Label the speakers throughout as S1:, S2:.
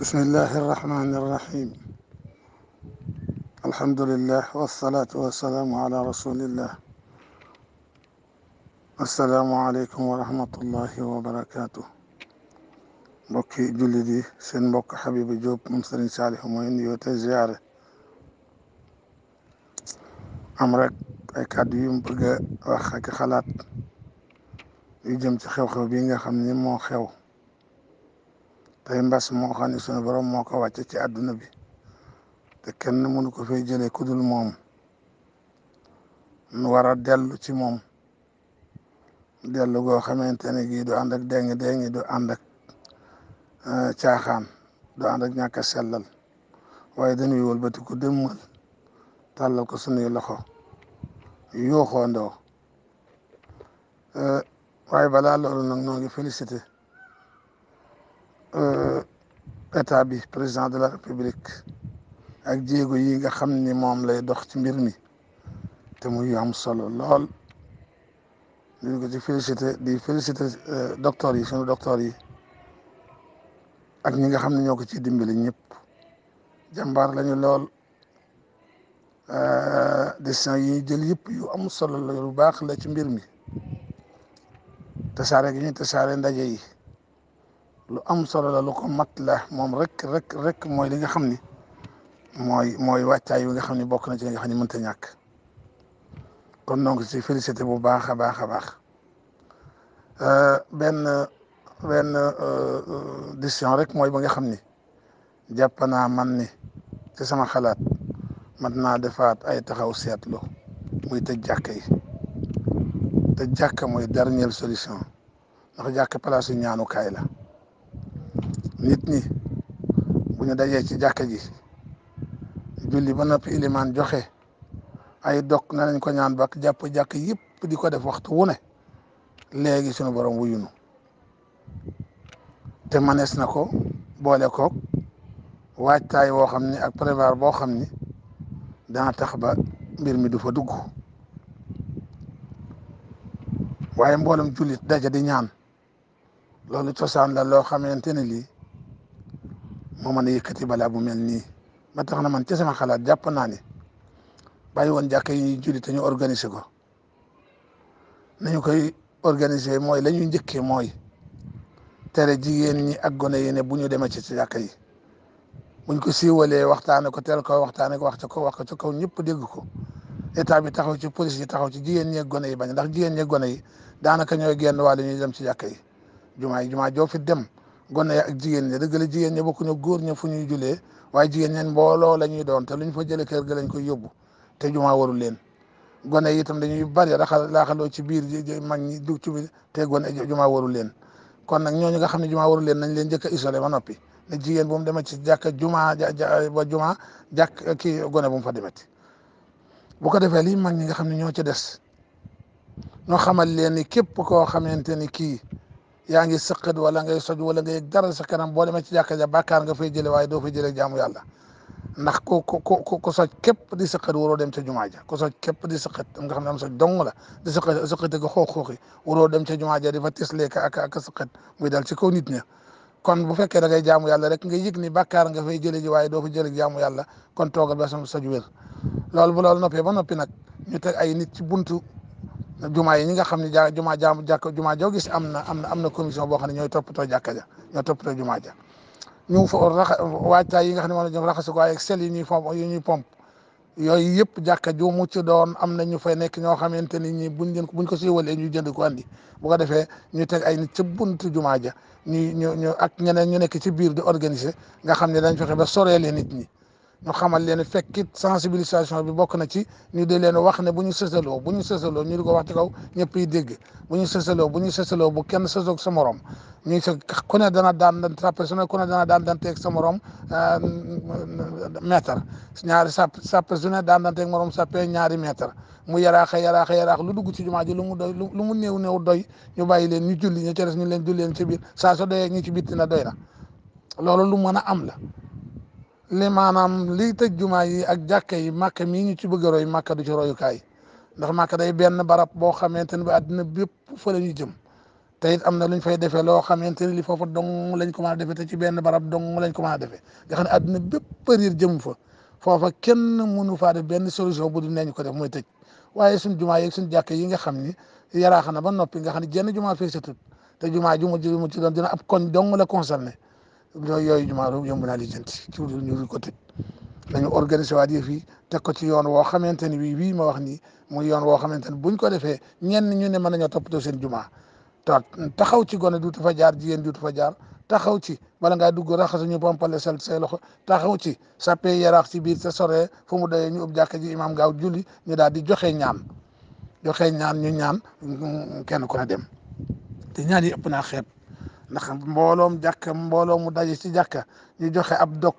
S1: بسم الله الرحمن الرحيم الحمد لله والصلاة والسلام على رسول الله السلام عليكم ورحمة الله وبركاته بوكي جلدي سن بوك حبيبي جوب منصر صالح موين يوتا زيارة أمرك أي كادو يمبغى وخاك خلات يجمت خيو خيو بينغا خمني مو خيو tey mbas moo xam ne sunu borom moo ko wàcce ci àdduna bi te kenn mënu ko fay jëlee ku dul moom nu war a dellu ci moom dellu goo xamante ne gii du ànd ak déng-déng du ànd ak eh, caaxaan du ànd ak ñàkk a sellal waaye dañuy wëlbati ku dëmmal tàllal ko sunuy loxo yoo xoondoo eh, waaye balaa loolu nag noo ngi félicité Euh, état bi président de la république ak jéego yi nga xam ni moom lay dox ci mbir mi te muy am solo lool ñu ko ci félicité di félicité euh, docteur yi sunu docteur yi ak ñi nga xam ne ñoo ko ci dimbali ñëpp jàmbaar lañu lool euh, décision yi ñu jël yëpp yu am solo la lu baax la ci mbir mi tasaare gi ñuy tasaare ndaje yi. lu am solo la lu ko mat la moom rek rek rek mooy li nga xam ni mooy mooy wàccaay bi nga xam ni bokk na ci li nga xam ni mënta ñàkk kon donc si félicité bu baax a baax a baax euh, benn benn euh, décision rek mooy ba nga xam ni jàpp naa man ni ci sama xalaat mat naa defaat ay taxaw seetlu muy tëj jàkka yi te jàkka mooy dernière solution ndax jàkka palaasu ñaanukaay la nit ñi bu ñu dajee ci jàkka ji julli ba noppi ilimaan joxe ay dok na nañ ko ñaan bak jàpp jàkk yëpp di ko def waxtu wu ne léegi sunu borom wuyunu te manees na ko boole koog waajtaay woo xam ni ak prévoir boo xam ni dana tax ba mbir mi du fa dugg waaye mboolem jullit daje di ñaan loolu cosaan la loo xamante ne lii moo mën a yëkkati balaa bu mel nii ba tax na man ci sama xalaat jàpp naa ne bàyyi woon jàkka yi ñuy julli te ñu organiser ko nañu koy organiser mooy la ñuy njëkkee mooy tere jigéen ñi ak gone yi ne bu ñu demee ci jàkka yi buñ ko siiwalee waxtaanee ko teel ko waxtaanee ko wax ko wax ko ca kaw ñëpp dégg ko état bi taxaw ci police yi taxaw ci jigéen ñeeg gone yi bañ ndax jigéen ñeeg gone yi daanaka ñooy génn wàllu ñuy dem ci jàkka yi jumaa yi jumaa joo fi dem. gone ya ak jigéen ñi dëgg la jigéen ñi bokkuñu góor ña fu ñuy julee waaye jigéen ñen mbooloo la ñuy doon te luñ fa jëlee kër ga lañ koy yóbbu te jumaa warul leen gone yi itam dañuy bari raxal laaxaloo ci biir mag ñi dug ci biir te gone jumaa warul leen kon nag ñooñu nga xam ne jumaa warul leen nañ leen njëkk a isolé ba noppi ne jigéen bu mu demee ci jàkka jumaa ba jumaa jàkk kii gone bu mu fa demeti bu ko defee li mag ñi nga xam ne ñoo ci des ñoo xamal leen ni képp koo xamante ni kii yaa ngi sëqat wala ngay soj wala ngay dara sa kanam boo demee ci jàkka ja bàkkaar nga fay jële waaye doo fay jële jaamu yàlla ndax ku ku ku ku soj képp di sëqat waroo dem ca jumaa ja ku soj képp di sëqat nga xam ne am soj dong la di sëqat sëqat ga xoox xooxi waroo dem ca jumaa ja di fa tisleeka ak ak sëqat muy dal ci kaw nit ña kon bu fekkee da ngay jaamu yàlla rek nga yëg ni bàkkaar nga fay jële ji waaye doo fa jële jaamu yàlla kon toogal ba sam soj wér loolu bu loolu noppee ba noppi nag ñu ay nit ci buntu jumaa yi ñi nga xam ne ja jumaa jaamu jàkk jumaa joo gis am na am na am na commission boo xam ne ñooy toppatoo jàkka ja ñooy toppatoo jumaa ja ñu fa raxa waajtaay yi nga xam ne moom la ñu raxasu ko ay sel yi ñuy pompe yi ñuy pompe yooyu yëpp jàkka ju mu ci doon am na ñu fay nekk ñoo xamante ni ñi buñ leen buñ ko siiwalee ñu jënd ko andi bu ko defee ñu teg ay nit ca buntu jumaa ja ñu ñu ñu ak ñeneen ñu nekk ci biir di organiser nga xam ne dañ fexe ba soree leen nit ñi ñu xamal leen fekkit sensibilisation bi bokk na ci ñu di leen wax ne bu ñu sësaloo bu ñu sësaloo ñu di ko wax ci kaw ñëpp yi dégg bu ñu sësaloo bu ñu sësaloo bu kenn sësoog sa morom ñu sa ku ne dana daan dan sàppe su ne ku ne dana daan danteeg sa morom mètre ñaari sàpp sàppe su ne daan danteeg morom sàppe ñaari mètre mu yaraaxa yaraaxa yaraax lu dugg ci jumaa ji lu mu doy lu mu néew néew doy ñu bàyyi leen ñu julli ñu ca des ñu leen julli leen ci biir saa so doyee ñu ci bitti na doy na loolu lu mën a am la li maanaam liy tëj jumaa yi ak jàkka yi màkka mii ñu ci bëgg roy màkka du ci royukaay ndax màkka day benn barab boo xamante ne bi àddina bépp fa la ñuy jëm te it am na lu ñu fay defee loo xamante ne li foofa dong lañ ko mën a defee te ci benn barab dong lañ ko mën a defee nga xam ne àddina bépp përir jëm fa foofa kenn mënu faa def benn solution bu du neñ ko def mooy tëj waaye suñ jumaa yeeg suñ jàkka yi nga xam ni yaraax na ba noppi nga xam ne jenn jumaa fee satut te jumaa ju mu ju mu ci doon dina ab koñ dong la concerné yooyu jumaa doom yomb naa lijjanti ci wudul ñu dul ko tëj nañu organisé waat yëf yi teg ko ci yoon woo xamante ni bii bii ma wax ni muy yoon woo xamante ni buñ ko defee ñenn ñu ne mën nañoo toppatoo seen jumaa taxaw ci gone duutu fa jaar jigéen duutu fa jaar taxaw ci bala ngaa dugg raxas ñu pompale sel say loxo taxaw ci sàppee yaraax ci biir te soree fu mu doyee ñu ub jàkk ji imaam gaaw julli ñu daal di joxe ñaan joxe ñaan ñu ñaan kenn ku ne dem te ñaan yi ëpp naa xeeb ndax mbooloom jàkka mbooloo mu daje ci jàkka ñu joxe ab dog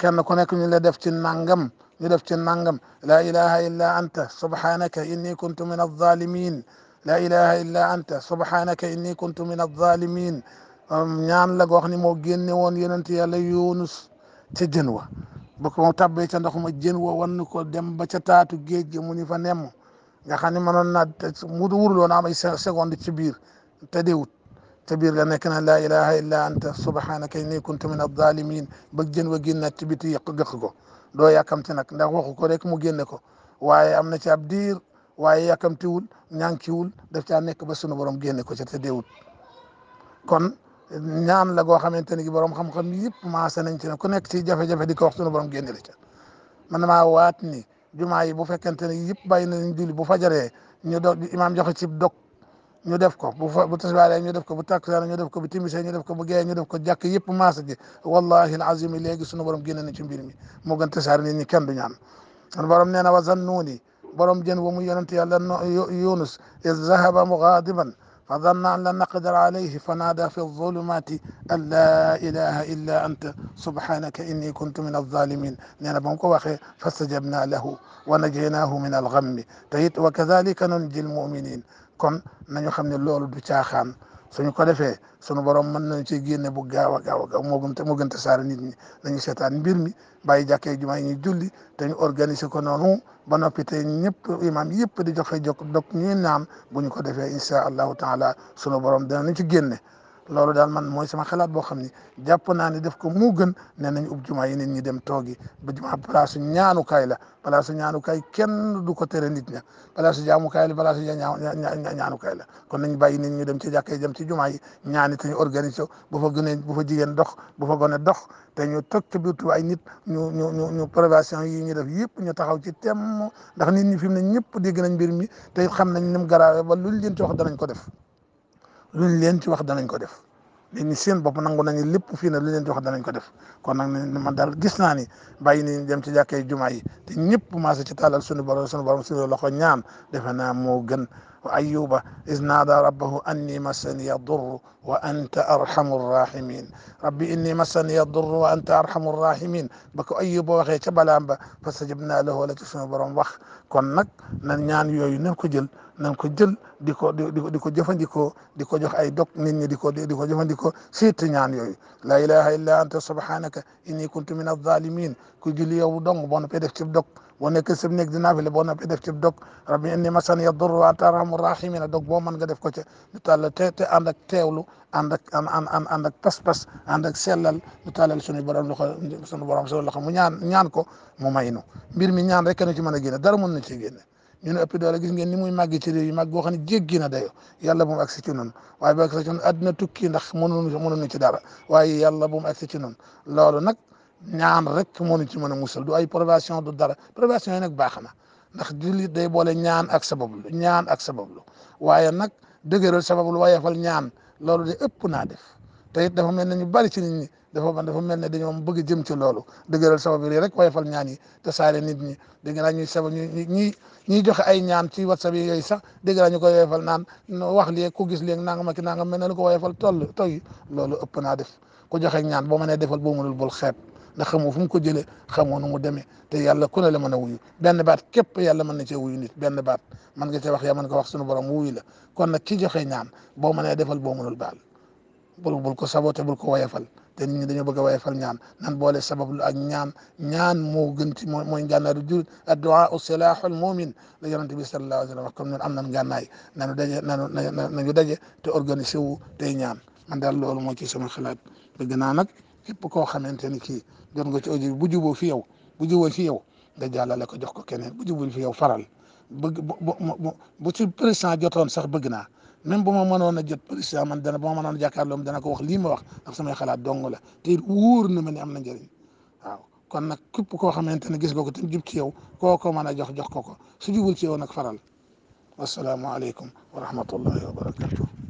S1: kenn ku nekk ñu la def ci nangam ñu def ci nangam laa ilaha illa anta subhanaka inni kuntu min alzalimin laa ilaha illa anta subhanaka inni kuntu min alzalimin ñaan la go wax ni moo génne woon yonent yàlla yunus ci jën wa ba ko moo tabbee ca ndox ma jën wa ko dem ba ca taatu géej gi mu ni fa nemm nga xam ne mënoon naa mu wurloon am ay seconde ci biir te dewut ca biir la nekk na laa ilaha illa anta subhanaka inni kuntu min adh-dhalimin ba jën wa génnaat ci biti yëq gëq ko doo yàkkamti nag ndax waxu ko rek mu génne ko waaye am na ci ab diir waaye yàkkamtiwul ñànkiwul daf caa nekk ba sunu borom génne ko ca te deewul kon ñaan la goo xamante ni borom xam-xam yëpp maase nañ ci ne ku nekk ci jafe-jafe di ko wax sunu borom génne la ca man maa waat ni jumaa yi bu fekkente ne yëpp bàyyi nañ julli bu fajaree ñu do imaam joxe ci dog ñu def ko bu fa bu tisbaaree ñu def ko bu takkusaan ñu def ko bu timisee ñu def ko bu gee ñu def ko jàkk yëpp maasa ji wallahi alazim léegi sunu borom génne na ci mbir mi moo gën tasaare nit ñi kenn du ñaan sunu borom nee na wa zannuuni borom jën wa mu yonent yàlla yunus iz zahaba mugaadiban fa zanna an lan naqdir alayhi fa naada fi zulumati an laa ilaha illa anta subhanaka inni kuntu min alzalimin nee na ba mu ko waxee fastajabna lahu wa najaynaahu min algammi te it wa kadalika nunji almuminin kon nañu xam ne loolu du caaxaan suñu ko defee sunu borom mën nañu ci génne bu gaaw a gaaw a gaaw te moo gën te nit ñi na ñu seetaan mbir mi bàyyi jàkkee jumaa yi ñuy julli te ñu organiser ko noonu ba noppi te ñëpp imaam yëpp di joxe jokk ñu ñuy naam bu ñu ko defee incha allahu taala suñu borom dinañu ci génne loolu daal man mooy sama xalaat boo xam ni jàpp naa ne def ko mu gën ne nañ ub jumaa yi nit ñu dem toogi ba jumaa place ñaanukaay la place ñaanukaay kenn du ko tere nit ña place jaamukaay la place ñaanukaay la kon nañ bàyyi nit ñu dem ci jàkka yi dem ci jumaa yi ñaani te ñu organisé bu fa gënee bu jigéen dox bu fa gone dox te ñu toog ci biir nit ñu ñu ñu ñu prévention yi ñu def yëpp ñu taxaw ci temm ndax nit ñi fi mu ne ñëpp dégg nañ mbir mi te xam nañ ni mu garaawee ba luñ leen ci wax danañ ko def luñ leen ci wax danañ ko def nit ñi seen bopp nangu nañu lépp fii na luñ leen ci wax danañ ko def kon nag man daal gis naa ni bàyyi ni dem ci jàkkee jumaa yi te ñëpp maase ci tàllal sunu borom sunu borom sunu loxo ñaan defe naa moo gën وأيوب إذ نادى ربه أني مسني الضر وأنت أرحم الراحمين ربي إني مسني الضر وأنت أرحم الراحمين بك أيوب وخي تبلام فاستجبنا له ولا تسمع برام وخ kon nag nan ñaan yooyu nan ko jël nan ko jël di ko di ko di ko jëfandikoo di ko jox ay dog nit ñi di ko di ko jëfandikoo surtout ñaan yooyu la ilaha illa anta subhanaka inni kuntu min az-zalimin ku julli yow dong bon pe def ci dog boo nekk sëb nekk dinaa fi la boo noppee def ci dog rabbi inni masani yadurru wa anta arhamu rahimina dog boo mën nga def ko ca ñu tàllal te te ànd ak teewlu ànd ak ànd ànd ak pas-pas ànd ak sellal ñu tàllal suñu borom loxo suñu borom suñu loxo mu ñaan ñaan ko mu may nu mbir mi ñaan rek nu ci mën a génne dara mën na ci génne ñu ne ëpp doole gis ngeen ni muy màgg ci réew yi màgg boo xam ne jéggi na dayo yàlla bu mu agsi ci noonu waaye bu agsi ci noonu àddina tukki ndax mënuñu mënuñu ci dara waaye yàlla bu mu agsi ci noonu loolu nag ñaan rek moo ñu ci mën a musal du ay privation du dara privation yi nag baax na ndax jullit day boole ñaan ak sabablu ñaan ak sabablu waaye nag dëgëral sabablu wayefal ñaan loolu de ëpp naa def te it dafa mel ne ñu bari ci nit ñi dafa dafa mel ne dañoo bëgg jëm ci loolu dëgëral sabablu yi rek wayefal ñaan yi te saare nit ñi dégg naa ñuy sabab ñuy ñuy ñuy joxe ay ñaan ci whatsapp yi yooyu sax dégg naa ñu koy wayefal naan wax lii ku gis lii nangam ak nangam mel ne lu ko wayefal toll toy loolu ëpp naa def ku joxe ñaan boo mënee defal boo mënul bul xeeb ndax xamoo fu mu ko jëlee xamoo nu mu demee te yàlla ku ne la mën a wuyu benn baat képp yàlla mën na cee wuyu nit benn baat mën nga cee wax yaa mën ko wax suñu borom wuyu la kon nag ki joxe ñaan boo mënee defal boo mënul baal bul bul ko saboté bul ko fal te nit ñi dañoo bëgg a woyafal ñaan nan boole sabablu ak ñaan ñaan moo gën ci mooy mooy ngànnaaru julit adduaa u silaaxul mumin la yonente bi sallallahu alayhi wa sallam wax comme ñun am nan ngànnaay nanu daje nanu nañu daje te organisé wu tey ñaan man daal loolu moo ci sama xalaat naa nag képp koo xamante ni kii jot nga ci audio bi bu juboo fi yow bu juboo fi yow nga jàllale ko jox ko keneen bu jubul fi yow faral bëgg bu ci président jotoon sax bëgg naa même bu ma mënoon a jot président man dana bu ma mënoon a jàkkaarloom dana ko wax lii ma wax ndax samay xalaat dong la te wóor na ma ne am na njëriñ waaw kon nag képp koo xamante ne gis nga ko te jub ci yow koo ko mën a jox jox ko ko su jubul ci yow nag faral wasalaamaaleykum wa rahmatullahi wa barakatuh